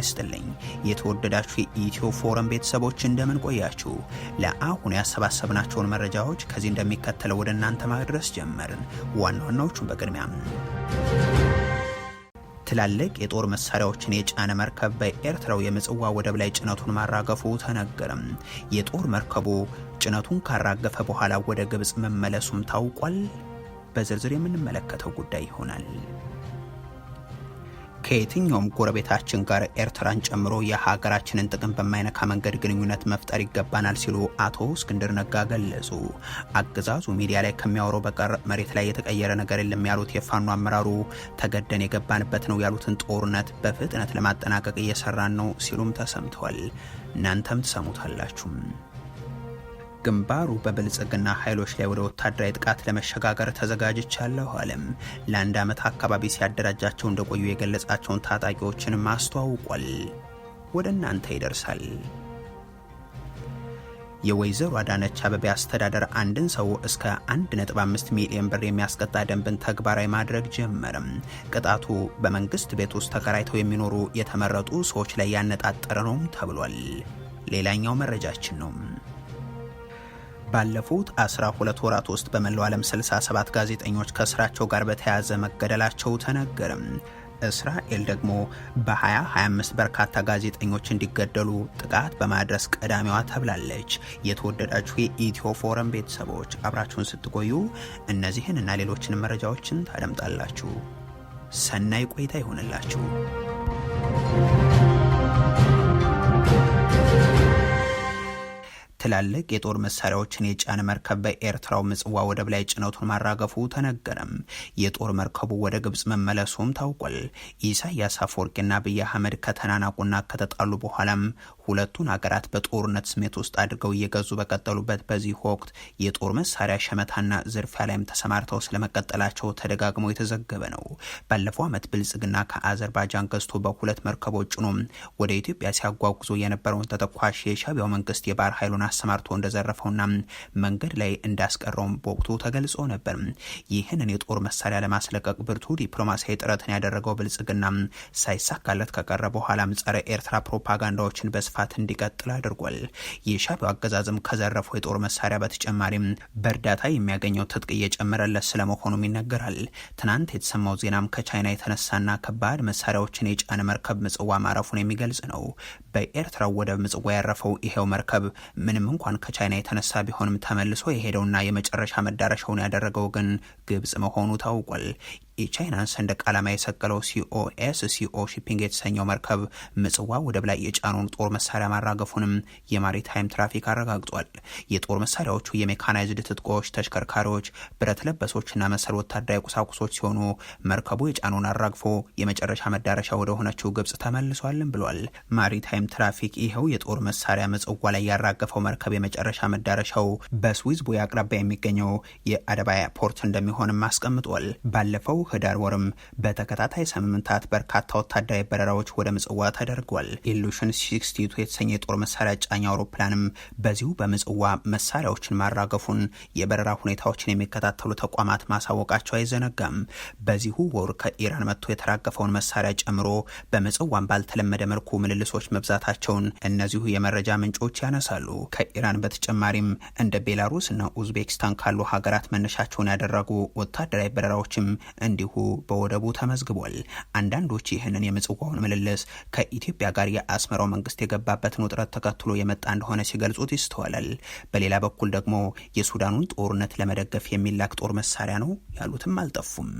ይስጥልኝ የተወደዳችሁ የኢትዮ ፎረም ቤተሰቦች እንደምን ቆያችሁ? ለአሁን ያሰባሰብናቸውን መረጃዎች ከዚህ እንደሚከተለው ወደ እናንተ ማድረስ ጀመርን። ዋና ዋናዎቹን በቅድሚያም ትላልቅ የጦር መሳሪያዎችን የጫነ መርከብ በኤርትራው የምጽዋ ወደብ ላይ ጭነቱን ማራገፉ ተነገረም። የጦር መርከቡ ጭነቱን ካራገፈ በኋላ ወደ ግብፅ መመለሱም ታውቋል። በዝርዝር የምንመለከተው ጉዳይ ይሆናል። ከየትኛውም ጎረቤታችን ጋር ኤርትራን ጨምሮ የሀገራችንን ጥቅም በማይነካ መንገድ ግንኙነት መፍጠር ይገባናል ሲሉ አቶ እስክንድር ነጋ ገለጹ። አገዛዙ ሚዲያ ላይ ከሚያወረው በቀር መሬት ላይ የተቀየረ ነገር የለም ያሉት የፋኖ አመራሩ ተገደን የገባንበት ነው ያሉትን ጦርነት በፍጥነት ለማጠናቀቅ እየሰራን ነው ሲሉም ተሰምተዋል። እናንተም ትሰሙታላችሁም? ግንባሩ በብልጽግና ኃይሎች ላይ ወደ ወታደራዊ ጥቃት ለመሸጋገር ተዘጋጅቻለሁ አለም። ለአንድ ዓመት አካባቢ ሲያደራጃቸው እንደቆዩ የገለጻቸውን ታጣቂዎችንም አስተዋውቋል። ወደ እናንተ ይደርሳል። የወይዘሮ አዳነች አቤቤ አስተዳደር አንድን ሰው እስከ 1.5 ሚሊዮን ብር የሚያስቀጣ ደንብን ተግባራዊ ማድረግ ጀመርም። ቅጣቱ በመንግስት ቤት ውስጥ ተከራይተው የሚኖሩ የተመረጡ ሰዎች ላይ ያነጣጠረ ነውም ተብሏል። ሌላኛው መረጃችን ነው። ባለፉት 12 ወራት ውስጥ በመላው ዓለም 67 ጋዜጠኞች ከስራቸው ጋር በተያያዘ መገደላቸው ተነገረም። እስራኤል ደግሞ በ2025 በርካታ ጋዜጠኞች እንዲገደሉ ጥቃት በማድረስ ቀዳሚዋ ተብላለች። የተወደዳችሁ የኢትዮ ፎረም ቤተሰቦች አብራችሁን ስትቆዩ እነዚህን እና ሌሎችንም መረጃዎችን ታደምጣላችሁ። ሰናይ ቆይታ ይሆንላችሁ። ትላልቅ የጦር መሳሪያዎችን የጫነ መርከብ በኤርትራው ምጽዋ ወደብ ላይ ጭነቱን ማራገፉ ተነገረም። የጦር መርከቡ ወደ ግብጽ መመለሱም ታውቋል። ኢሳያስ አፈወርቂና አብይ አህመድ ከተናናቁና ከተጣሉ በኋላም ሁለቱን ሀገራት በጦርነት ስሜት ውስጥ አድርገው እየገዙ በቀጠሉበት በዚህ ወቅት የጦር መሳሪያ ሸመታና ዝርፊያ ላይም ተሰማርተው ስለመቀጠላቸው ተደጋግሞ የተዘገበ ነው። ባለፈው ዓመት ብልጽግና ከአዘርባጃን ገዝቶ በሁለት መርከቦች ጭኖ ወደ ኢትዮጵያ ሲያጓጉዞ የነበረውን ተተኳሽ የሻቢያው መንግስት የባህር ኃይሉን አሰማርቶ እንደዘረፈውና መንገድ ላይ እንዳስቀረውም በወቅቱ ተገልጾ ነበር። ይህንን የጦር መሳሪያ ለማስለቀቅ ብርቱ ዲፕሎማሲያዊ ጥረትን ያደረገው ብልጽግና ሳይሳካለት ከቀረ በኋላም ጸረ ኤርትራ ፕሮፓጋንዳዎችን በስፋ በስፋት እንዲቀጥል አድርጓል። የሻቢው አገዛዝም ከዘረፈው የጦር መሳሪያ በተጨማሪም በእርዳታ የሚያገኘው ትጥቅ እየጨመረለት ስለመሆኑም ይነገራል። ትናንት የተሰማው ዜናም ከቻይና የተነሳና ከባድ መሳሪያዎችን የጫነ መርከብ ምጽዋ ማረፉን የሚገልጽ ነው። በኤርትራ ወደብ ምጽዋ ያረፈው ይሄው መርከብ ምንም እንኳን ከቻይና የተነሳ ቢሆንም ተመልሶ የሄደውና የመጨረሻ መዳረሻውን ያደረገው ግን ግብጽ መሆኑ ታውቋል። የቻይናን ሰንደቅ ዓላማ የሰቀለው ሲኦኤስ ሲኦ ሺፒንግ የተሰኘው መርከብ ምጽዋ ወደብ ላይ የጫኑን ጦር መሳሪያ ማራገፉንም የማሪታይም ትራፊክ አረጋግጧል። የጦር መሳሪያዎቹ የሜካናይዝድ ትጥቆች፣ ተሽከርካሪዎች፣ ብረት ለበሶችና መሰል ወታደራዊ ቁሳቁሶች ሲሆኑ መርከቡ የጫኑን አራግፎ የመጨረሻ መዳረሻ ወደ ሆነችው ግብጽ ተመልሷልም ብሏል። ማሪታይም ትራፊክ ይኸው የጦር መሳሪያ ምጽዋ ላይ ያራገፈው መርከብ የመጨረሻ መዳረሻው በስዊዝ ቦይ አቅራቢያ የሚገኘው የአደባያ ፖርት እንደሚሆንም አስቀምጧል። ባለፈው ህዳር ወርም በተከታታይ ሳምንታት በርካታ ወታደራዊ በረራዎች ወደ ምጽዋ ተደርጓል። ኢሉሽን ሲክስቲቱ የተሰኘ የጦር መሳሪያ ጫኝ አውሮፕላንም በዚሁ በምጽዋ መሳሪያዎችን ማራገፉን የበረራ ሁኔታዎችን የሚከታተሉ ተቋማት ማሳወቃቸው አይዘነጋም። በዚሁ ወር ከኢራን መጥቶ የተራገፈውን መሳሪያ ጨምሮ በምጽዋም ባልተለመደ መልኩ ምልልሶች መብዛታቸውን እነዚሁ የመረጃ ምንጮች ያነሳሉ። ከኢራን በተጨማሪም እንደ ቤላሩስ እና ኡዝቤኪስታን ካሉ ሀገራት መነሻቸውን ያደረጉ ወታደራዊ በረራዎችም እንዲሁ በወደቡ ተመዝግቧል። አንዳንዶች ይህንን የምጽዋውን ምልልስ ከኢትዮጵያ ጋር የአስመራው መንግስት የገባበትን ውጥረት ተከትሎ የመጣ እንደሆነ ሲገልጹት ይስተዋላል። በሌላ በኩል ደግሞ የሱዳኑን ጦርነት ለመደገፍ የሚላክ ጦር መሳሪያ ነው ያሉትም አልጠፉም።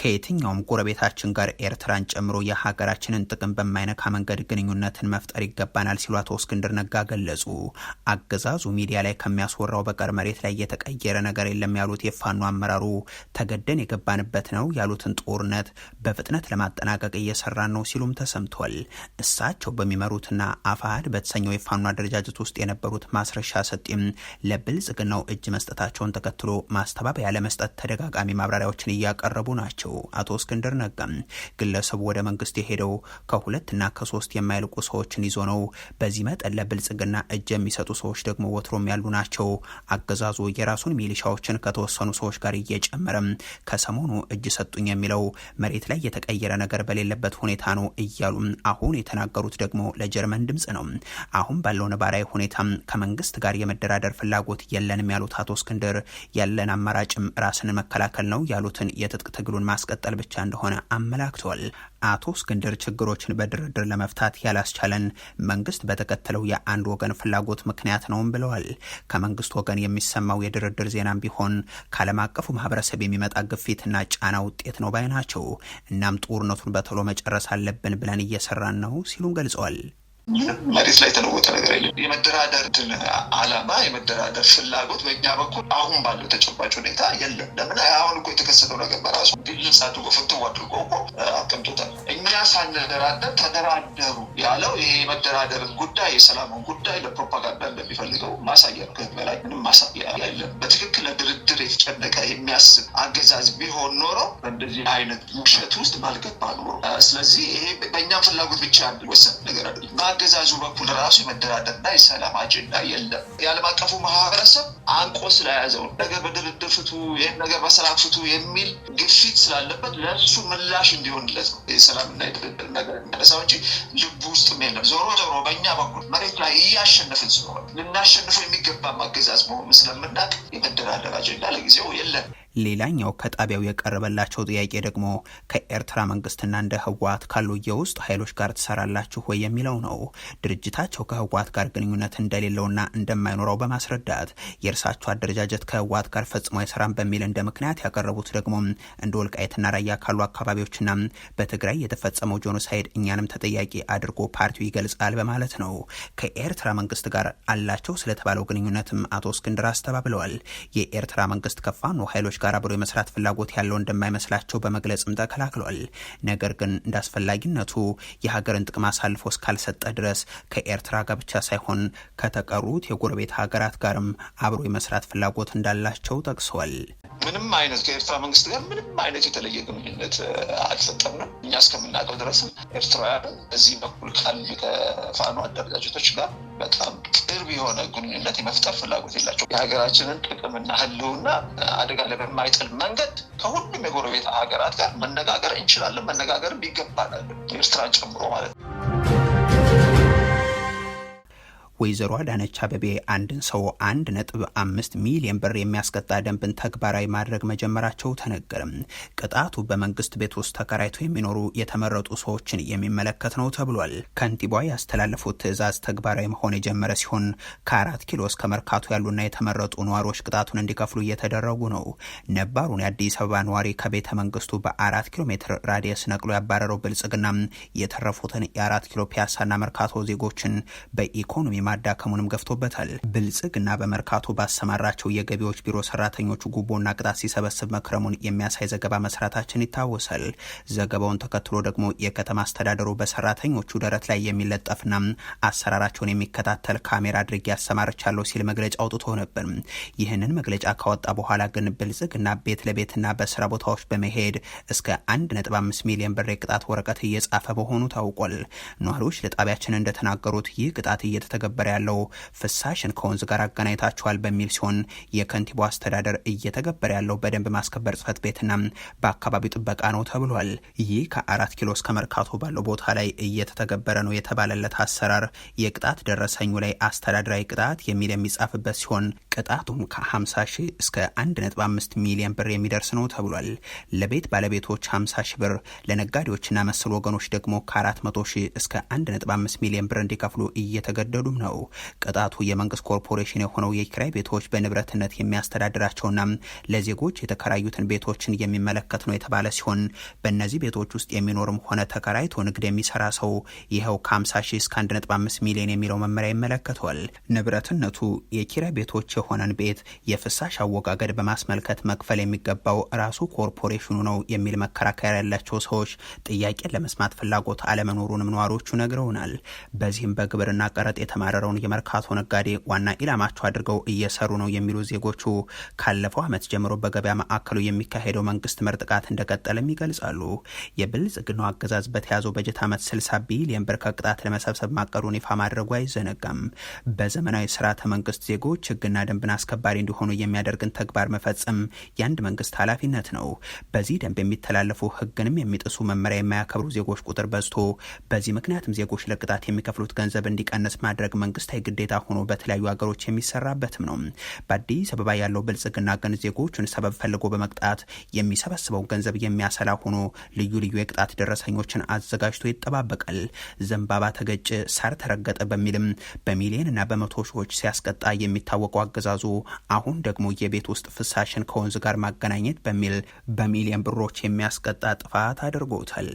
ከየትኛውም ጎረቤታችን ጋር ኤርትራን ጨምሮ የሀገራችንን ጥቅም በማይነካ መንገድ ግንኙነትን መፍጠር ይገባናል ሲሉ አቶ እስክንድር ነጋ ገለጹ። አገዛዙ ሚዲያ ላይ ከሚያስወራው በቀር መሬት ላይ የተቀየረ ነገር የለም ያሉት የፋኖ አመራሩ ተገደን የገባንበት ነው ያሉትን ጦርነት በፍጥነት ለማጠናቀቅ እየሰራን ነው ሲሉም ተሰምቷል። እሳቸው በሚመሩትና አፋህድ በተሰኘው የፋኖ አደረጃጀት ውስጥ የነበሩት ማስረሻ ሰጤም ለብልጽግናው እጅ መስጠታቸውን ተከትሎ ማስተባበያ ለመስጠት ተደጋጋሚ ማብራሪያዎችን እያቀረቡ ናቸው። ናቸው። አቶ እስክንድር ነጋም ግለሰቡ ወደ መንግስት የሄደው ከሁለትና ከሶስት የማይልቁ ሰዎችን ይዞ ነው። በዚህ መጠን ለብልጽግና እጅ የሚሰጡ ሰዎች ደግሞ ወትሮም ያሉ ናቸው። አገዛዙ የራሱን ሚሊሻዎችን ከተወሰኑ ሰዎች ጋር እየጨመረም ከሰሞኑ እጅ ሰጡኝ የሚለው መሬት ላይ የተቀየረ ነገር በሌለበት ሁኔታ ነው እያሉም አሁን የተናገሩት ደግሞ ለጀርመን ድምፅ ነው። አሁን ባለው ነባራዊ ሁኔታ ከመንግስት ጋር የመደራደር ፍላጎት የለንም ያሉት አቶ እስክንድር ያለን አማራጭም ራስን መከላከል ነው ያሉትን የትጥቅ ትግሉን ማስቀጠል ብቻ እንደሆነ አመላክተዋል አቶ እስክንድር ችግሮችን በድርድር ለመፍታት ያላስቻለን መንግስት በተከተለው የአንድ ወገን ፍላጎት ምክንያት ነውም ብለዋል። ከመንግስት ወገን የሚሰማው የድርድር ዜናም ቢሆን ከዓለም አቀፉ ማህበረሰብ የሚመጣ ግፊትና ጫና ውጤት ነው ባይ ናቸው። እናም ጦርነቱን በቶሎ መጨረስ አለብን ብለን እየሰራን ነው ሲሉም ገልጸዋል። ምንም መሬት ላይ የተለወጠ ነገር የለም። የመደራደር አላማ የመደራደር ፍላጎት በእኛ በኩል አሁን ባለው ተጨባጭ ሁኔታ የለም። ለምን አሁን እኮ የተከሰተው ነገር በራሱ ግልጽ አድርጎ ፍትው አድርጎ እኮ አቀምጦታል። እኛ ሳንደራደር ተደራደሩ ያለው ይሄ የመደራደርን ጉዳይ የሰላምን ጉዳይ ለፕሮፓጋንዳ እንደሚፈልገው ማሳያ ነው። ከህግ በላይ ምንም ማሳያ የለም። በትክክል ለድርድር የተጨነቀ የሚያስብ አገዛዝ ቢሆን ኖሮ በእንደዚህ አይነት ውሸት ውስጥ ባልገባ ኖሮ። ስለዚህ ይሄ በእኛም ፍላጎት ብቻ ወሰን ነገር በአገዛዙ በኩል ራሱ የመደራደርና የሰላም አጀንዳ የለም። የዓለም አቀፉ ማህበረሰብ አንቆ ስለያዘው ነገ በድርድር ፍቱ፣ ይህን ነገር በሰላም ፍቱ የሚል ግፊት ስላለበት ለእሱ ምላሽ እንዲሆንለት ነው የሰላምና የድርድር ነገር የሚያነሳው እንጂ ልቡ ውስጥም የለም። ዞሮ ዞሮ በእኛ በኩል መሬት ላይ እያሸነፍን ስለሆነ ልናሸንፈው የሚገባ አገዛዝ መሆኑን ስለምናውቅ የመደራደር አጀንዳ ለጊዜው የለም። ሌላኛው ከጣቢያው የቀረበላቸው ጥያቄ ደግሞ ከኤርትራ መንግስትና እንደ ህወሓት ካሉ የውስጥ ኃይሎች ጋር ትሰራላችሁ ወይ የሚለው ነው። ድርጅታቸው ከህወሓት ጋር ግንኙነት እንደሌለውና እንደማይኖረው በማስረዳት የእርሳቸው አደረጃጀት ከህወሓት ጋር ፈጽሞ አይሰራም በሚል እንደ ምክንያት ያቀረቡት ደግሞ እንደ ወልቃይትና ራያ ካሉ አካባቢዎችና በትግራይ የተፈጸመው ጄኖሳይድ እኛንም ተጠያቂ አድርጎ ፓርቲው ይገልጻል በማለት ነው። ከኤርትራ መንግስት ጋር አላቸው ስለተባለው ግንኙነትም አቶ እስክንድር አስተባብለዋል። የኤርትራ መንግስት ከፋኖ ኃይሎች ጋር አብሮ የመስራት ፍላጎት ያለው እንደማይመስላቸው በመግለጽም ተከላክሏል። ነገር ግን እንደ አስፈላጊነቱ የሀገርን ጥቅም አሳልፎ እስካልሰጠ ድረስ ከኤርትራ ጋር ብቻ ሳይሆን ከተቀሩት የጎረቤት ሀገራት ጋርም አብሮ የመስራት ፍላጎት እንዳላቸው ጠቅሷል። ምንም አይነት ከኤርትራ መንግስት ጋር ምንም አይነት የተለየ ግንኙነት አልፈጠርንም። እኛ እስከምናውቀው ድረስም ኤርትራውያን በዚህ በኩል ካሉ ከፋኖ አደረጃጀቶች ጋር በጣም ቅርብ የሆነ ግንኙነት የመፍጠር ፍላጎት የላቸው። የሀገራችንን ጥቅምና ህልውና አደጋ ላይ በማይጥል መንገድ ከሁሉም የጎረቤት ሀገራት ጋር መነጋገር እንችላለን፣ መነጋገርም ይገባናል፣ ኤርትራን ጨምሮ ማለት ነው። ወይዘሮ አዳነች አበቤ አንድን ሰው አንድ ነጥብ አምስት ሚሊዮን ብር የሚያስቀጣ ደንብን ተግባራዊ ማድረግ መጀመራቸው ተነገርም። ቅጣቱ በመንግስት ቤት ውስጥ ተከራይቶ የሚኖሩ የተመረጡ ሰዎችን የሚመለከት ነው ተብሏል። ከንቲባ ያስተላለፉት ትዕዛዝ ተግባራዊ መሆን የጀመረ ሲሆን ከአራት ኪሎ እስከ መርካቶ ያሉና የተመረጡ ነዋሪዎች ቅጣቱን እንዲከፍሉ እየተደረጉ ነው። ነባሩን የአዲስ አበባ ነዋሪ ከቤተ መንግስቱ በአራት ኪሎ ሜትር ራዲየስ ነቅሎ ያባረረው ብልጽግና የተረፉትን የአራት ኪሎ ፒያሳና መርካቶ ዜጎችን በኢኮኖሚ ማዳከሙንም ገፍቶበታል። ብልጽግና በመርካቶ ባሰማራቸው የገቢዎች ቢሮ ሰራተኞቹ ጉቦና ቅጣት ሲሰበስብ መክረሙን የሚያሳይ ዘገባ መስራታችን ይታወሳል። ዘገባውን ተከትሎ ደግሞ የከተማ አስተዳደሩ በሰራተኞቹ ደረት ላይ የሚለጠፍና አሰራራቸውን የሚከታተል ካሜራ አድርጌ ያሰማርቻለሁ ሲል መግለጫ አውጥቶ ነበር። ይህንን መግለጫ ካወጣ በኋላ ግን ብልጽግና ቤት ለቤትና በስራ ቦታዎች በመሄድ እስከ 1.5 ሚሊዮን ብር የቅጣት ወረቀት እየጻፈ መሆኑ ታውቋል። ነዋሪዎች ለጣቢያችን እንደተናገሩት ይህ ቅጣት እየተተገበ ነበር ያለው። ፍሳሽን ከወንዝ ጋር አገናኝታችኋል በሚል ሲሆን የከንቲቦ አስተዳደር እየተገበረ ያለው በደንብ ማስከበር ጽህፈት ቤትና በአካባቢው ጥበቃ ነው ተብሏል። ይህ ከአራት ኪሎ እስከ መርካቶ ባለው ቦታ ላይ እየተተገበረ ነው የተባለለት አሰራር የቅጣት ደረሰኙ ላይ አስተዳደራዊ ቅጣት የሚል የሚጻፍበት ሲሆን ቅጣቱም ከ50 ሺህ እስከ 1.5 ሚሊዮን ብር የሚደርስ ነው ተብሏል። ለቤት ባለቤቶች 50 ሺህ ብር፣ ለነጋዴዎችና መሰል ወገኖች ደግሞ ከ400 ሺህ እስከ 1.5 ሚሊዮን ብር እንዲከፍሉ እየተገደዱም ነው። ቅጣቱ የመንግስት ኮርፖሬሽን የሆነው የኪራይ ቤቶች በንብረትነት የሚያስተዳድራቸውና ለዜጎች የተከራዩትን ቤቶችን የሚመለከት ነው የተባለ ሲሆን በእነዚህ ቤቶች ውስጥ የሚኖርም ሆነ ተከራይቶ ንግድ የሚሰራ ሰው ይኸው ከ50 ሺህ እስከ 1.5 ሚሊዮን የሚለው መመሪያ ይመለከተዋል። ንብረትነቱ የኪራይ ቤቶች የሆነን ቤት የፍሳሽ አወጋገድ በማስመልከት መክፈል የሚገባው ራሱ ኮርፖሬሽኑ ነው የሚል መከራከሪያ ያላቸው ሰዎች ጥያቄን ለመስማት ፍላጎት አለመኖሩንም ነዋሪዎቹ ነግረውናል። በዚህም በግብርና ቀረጥ የተማረረውን የመርካቶ ነጋዴ ዋና ኢላማቸው አድርገው እየሰሩ ነው የሚሉ ዜጎቹ ካለፈው ዓመት ጀምሮ በገበያ ማዕከሉ የሚካሄደው መንግስት መር ጥቃት እንደቀጠለም ይገልጻሉ። የብልጽግናው አገዛዝ በተያዘው በጀት ዓመት 60 ቢሊየን ብር ከቅጣት ለመሰብሰብ ማቀዱን ይፋ ማድረጉ አይዘነጋም። በዘመናዊ ስርዓተ መንግስት ዜጎች ህግና ደንብ ደንብን አስከባሪ እንዲሆኑ የሚያደርግን ተግባር መፈጸም የአንድ መንግስት ኃላፊነት ነው። በዚህ ደንብ የሚተላለፉ ህግንም የሚጥሱ መመሪያ የማያከብሩ ዜጎች ቁጥር በዝቶ በዚህ ምክንያትም ዜጎች ለቅጣት የሚከፍሉት ገንዘብ እንዲቀንስ ማድረግ መንግስታዊ ግዴታ ሆኖ በተለያዩ ሀገሮች የሚሰራበትም ነው። በአዲስ አበባ ያለው ብልጽግና ግን ዜጎቹን ሰበብ ፈልጎ በመቅጣት የሚሰበስበው ገንዘብ የሚያሰላ ሆኖ ልዩ ልዩ የቅጣት ደረሰኞችን አዘጋጅቶ ይጠባበቃል። ዘንባባ ተገጭ፣ ሳር ተረገጠ በሚልም በሚሊዮንና በመቶ ሺዎች ሲያስቀጣ የሚታወቀው አገዛዙ አሁን ደግሞ የቤት ውስጥ ፍሳሽን ከወንዝ ጋር ማገናኘት በሚል በሚሊየን ብሮች የሚያስቀጣ ጥፋት አድርጎታል።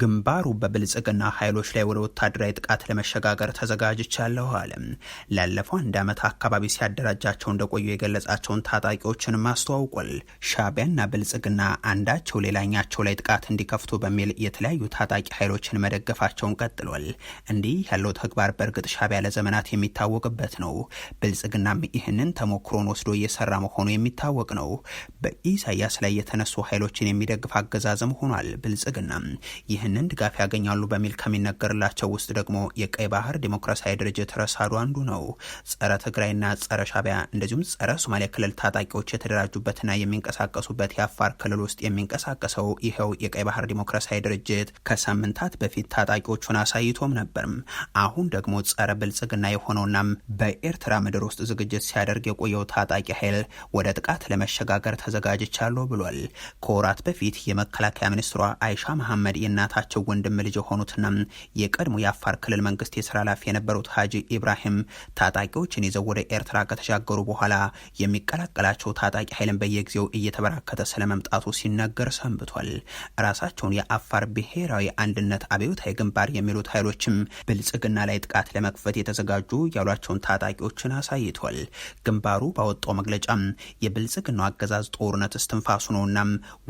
ግንባሩ በብልጽግና ኃይሎች ላይ ወደ ወታደራዊ ጥቃት ለመሸጋገር ተዘጋጅቻለሁ አለ። ላለፈው አንድ ዓመት አካባቢ ሲያደራጃቸው እንደቆዩ የገለጻቸውን ታጣቂዎችን አስተዋውቋል። ሻቢያና ብልጽግና አንዳቸው ሌላኛቸው ላይ ጥቃት እንዲከፍቱ በሚል የተለያዩ ታጣቂ ኃይሎችን መደገፋቸውን ቀጥሏል። እንዲህ ያለው ተግባር በእርግጥ ሻቢያ ለዘመናት የሚታወቅበት ነው። ብልጽግናም ይህንን ተሞክሮን ወስዶ እየሰራ መሆኑ የሚታወቅ ነው። በኢሳያስ ላይ የተነሱ ኃይሎችን የሚደግፍ አገዛዝም ሆኗል ብልጽግና ይህንን ድጋፍ ያገኛሉ በሚል ከሚነገርላቸው ውስጥ ደግሞ የቀይ ባህር ዴሞክራሲያዊ ድርጅት ረሳዱ አንዱ ነው። ጸረ ትግራይና ጸረ ሻቢያ እንደዚሁም ጸረ ሶማሌ ክልል ታጣቂዎች የተደራጁበትና የሚንቀሳቀሱበት የአፋር ክልል ውስጥ የሚንቀሳቀሰው ይኸው የቀይ ባህር ዴሞክራሲያዊ ድርጅት ከሳምንታት በፊት ታጣቂዎቹን አሳይቶም ነበርም። አሁን ደግሞ ጸረ ብልጽግና የሆነውናም በኤርትራ ምድር ውስጥ ዝግጅት ሲያደርግ የቆየው ታጣቂ ኃይል ወደ ጥቃት ለመሸጋገር ተዘጋጅቻለሁ ብሏል። ከወራት በፊት የመከላከያ ሚኒስትሯ አይሻ መሐመድ የና የእናታቸው ወንድም ልጅ የሆኑትና የቀድሞ የአፋር ክልል መንግስት የስራ ኃላፊ የነበሩት ሀጂ ኢብራሂም ታጣቂዎችን ይዘው ወደ ኤርትራ ከተሻገሩ በኋላ የሚቀላቀላቸው ታጣቂ ኃይልን በየጊዜው እየተበራከተ ስለመምጣቱ ሲነገር ሰንብቷል። ራሳቸውን የአፋር ብሔራዊ አንድነት አብዮታዊ ግንባር የሚሉት ኃይሎችም ብልጽግና ላይ ጥቃት ለመክፈት የተዘጋጁ ያሏቸውን ታጣቂዎችን አሳይቷል። ግንባሩ ባወጣው መግለጫ የብልጽግናው አገዛዝ ጦርነት እስትንፋሱ ነውና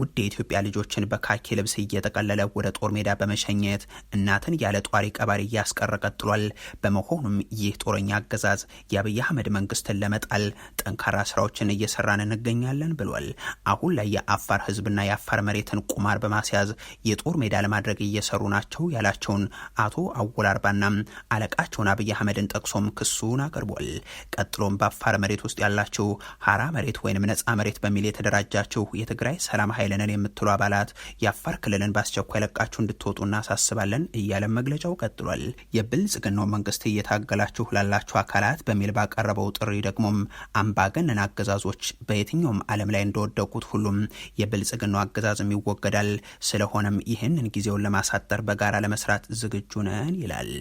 ውድ የኢትዮጵያ ልጆችን በካኪ ልብስ እየጠቀለለ ወደ ጦር ጦር ሜዳ በመሸኘት እናትን ያለ ጧሪ ቀባሪ እያስቀረ ቀጥሏል። በመሆኑም ይህ ጦረኛ አገዛዝ የአብይ አህመድ መንግስትን ለመጣል ጠንካራ ስራዎችን እየሰራን እንገኛለን ብሏል። አሁን ላይ የአፋር ህዝብና የአፋር መሬትን ቁማር በማስያዝ የጦር ሜዳ ለማድረግ እየሰሩ ናቸው ያላቸውን አቶ አወል አርባና አለቃቸውን አብይ አህመድን ጠቅሶም ክሱን አቅርቧል። ቀጥሎም በአፋር መሬት ውስጥ ያላችሁ ሀራ መሬት ወይንም ነጻ መሬት በሚል የተደራጃችሁ የትግራይ ሰላም ኃይልንን የምትሉ አባላት የአፋር ክልልን በአስቸኳይ ለቃችሁ ለቃችሁ እንድትወጡ እናሳስባለን እያለን መግለጫው ቀጥሏል። የብልጽግናው መንግስት እየታገላችሁ ላላችሁ አካላት በሚል ባቀረበው ጥሪ ደግሞም አምባገነን አገዛዞች በየትኛውም ዓለም ላይ እንደወደቁት ሁሉም የብልጽግናው አገዛዝም ይወገዳል። ስለሆነም ይህንን ጊዜውን ለማሳጠር በጋራ ለመስራት ዝግጁ ነን ይላል።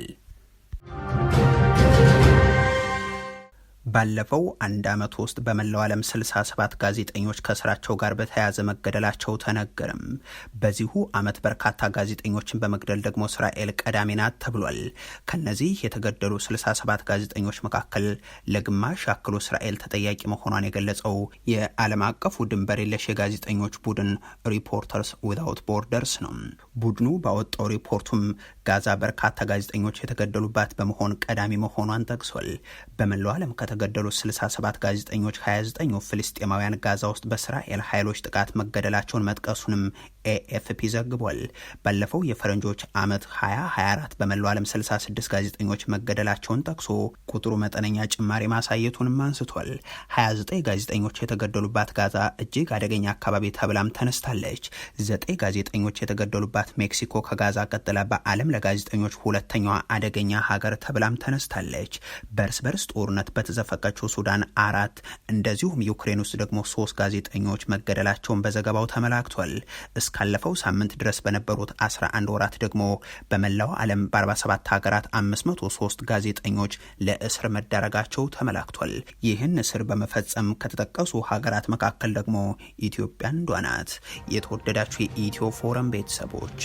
ባለፈው አንድ ዓመት ውስጥ በመላው ዓለም 67 ጋዜጠኞች ከስራቸው ጋር በተያያዘ መገደላቸው ተነገረም። በዚሁ ዓመት በርካታ ጋዜጠኞችን በመግደል ደግሞ እስራኤል ቀዳሚ ናት ተብሏል። ከነዚህ የተገደሉ 67 ጋዜጠኞች መካከል ለግማሽ ያክሉ እስራኤል ተጠያቂ መሆኗን የገለጸው የዓለም አቀፉ ድንበር የለሽ የጋዜጠኞች ቡድን ሪፖርተርስ ዊዛውት ቦርደርስ ነው። ቡድኑ ባወጣው ሪፖርቱም ጋዛ በርካታ ጋዜጠኞች የተገደሉባት በመሆን ቀዳሚ መሆኗን ጠቅሷል። በመላው ዓለም ከተ ከተገደሉት 67 ጋዜጠኞች 29ኙ ፍልስጤማውያን ጋዛ ውስጥ በእስራኤል ኃይሎች ጥቃት መገደላቸውን መጥቀሱንም ኤኤፍፒ ዘግቧል። ባለፈው የፈረንጆች ዓመት 2024 በመላው ዓለም 66 ጋዜጠኞች መገደላቸውን ጠቅሶ ቁጥሩ መጠነኛ ጭማሪ ማሳየቱንም አንስቷል። 29 ጋዜጠኞች የተገደሉባት ጋዛ እጅግ አደገኛ አካባቢ ተብላም ተነስታለች። ዘጠኝ ጋዜጠኞች የተገደሉባት ሜክሲኮ ከጋዛ ቀጥላ በዓለም ለጋዜጠኞች ሁለተኛዋ አደገኛ ሀገር ተብላም ተነስታለች። በርስ በርስ ጦርነት በተዘፈቀችው ሱዳን አራት እንደዚሁም ዩክሬን ውስጥ ደግሞ ሶስት ጋዜጠኞች መገደላቸውን በዘገባው ተመላክቷል። እስካለፈው ሳምንት ድረስ በነበሩት 11 ወራት ደግሞ በመላው ዓለም በ47 ሀገራት 503 ጋዜጠኞች ለእስር መዳረጋቸው ተመላክቷል። ይህን እስር በመፈጸም ከተጠቀሱ ሀገራት መካከል ደግሞ ኢትዮጵያ አንዷ ናት። የተወደዳችሁ የኢትዮ ፎረም ቤተሰቦች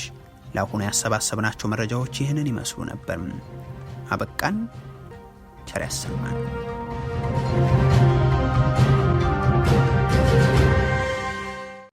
ለአሁኑ ያሰባሰብናቸው መረጃዎች ይህንን ይመስሉ ነበር። አበቃን። ቸር ያሰማን።